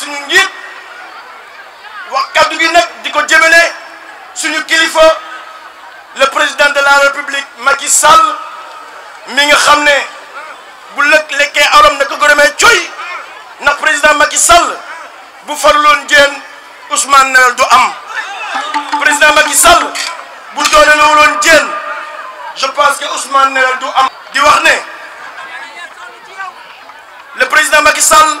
suñu njiit wax kaddu gi nag di suñu kilifa le président de la république Macky Sall mi nga xamné bu lekk lekkee alom na ko gërëmee coy président Macky Sall bu faruloon jéen Ousmane Noël du am président Macky Sall bu doolelawuloon jéen je pense que Ousmane Noël du am. di wax né le président Macky Sall.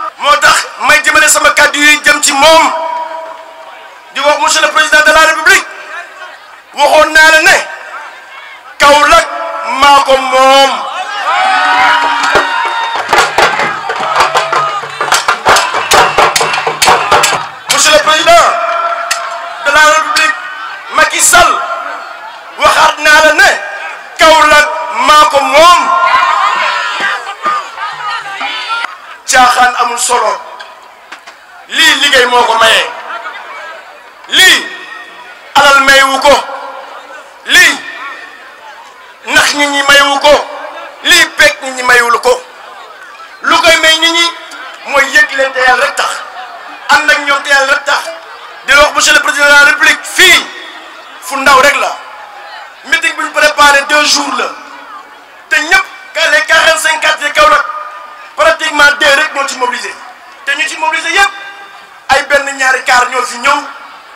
moo tax may jëmale sama kàddu yi jëm ci moom di wax monsieur le de la république waxoon naa la ne Kaolack maa ko moom. caaxaan amul solo lii liggéey moo ko mayee lii alal maywu ko lii nax nit ñi maywu ko lii peeg nit ñi mayul ko lu koy may nit ñi mooy yëg te yàlla rek tax ànd ak ñoom te yàlla rek tax di wax monsieur le président de la république ñoo ci mobilisé te ñu ci mobilisé yëpp ay benn ñaari kaar ñoo fi ñëw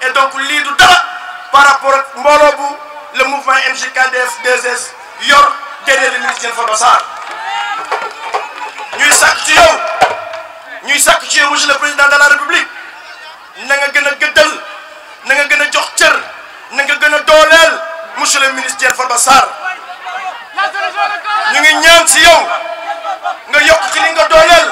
et donc lii du dara par rapport ak mbooloo bu le mouvement MJKDF 2S yor derrière le ministre Farba Sarr ñuy sàkk ci yow ñuy sàkk ci yow monsieur le président de la république na nga gën a gëddal na nga gën a jox cër na nga gën a dooleel monsieur le ministre Farba Sarr ñu ngi ñaan ci yow nga yokk ci li nga dooleel.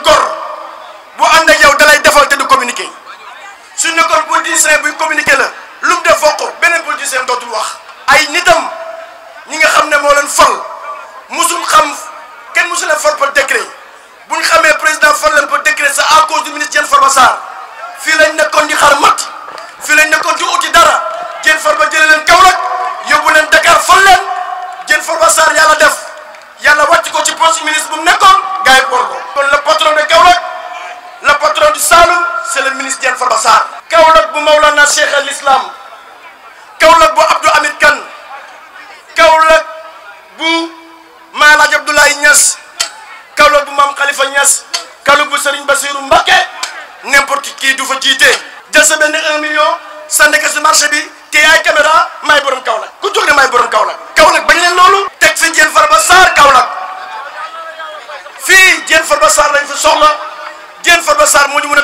kon gor bu ànd ak yow dalay defal te du communiquer suñ ne kon politicien buy communiquer la lu mu def fokk beneen politicien dootul wax. ay nitam ñi nga xam ne moo leen fal musul xam kenn musul leen fal par décret bu ñu xamee président fal leen par décret sa à cause du ministre Diène Farba Sarr fii lañ nekkoon di xar mat fii lañ nekkoon di uti dara. patron de Kaolack le patron du Saloum c'est le ministre Diène Farba Sarr bu Maulana Cheikh al Islam Kaolack bu Abdou Hamid Kane Kaolack bu Maam El Hadj Abdoulaye bu Maam Khalifa Niass Kaolack bu Serigne Bassirou Mbacké n'importe qui du fa jiite jël sa benn million sànni ko si marché te yaay caméra may borom Kaolack ku jóg ne may borom Kaolack soxna Diène Farba Sarr moo ñu mën a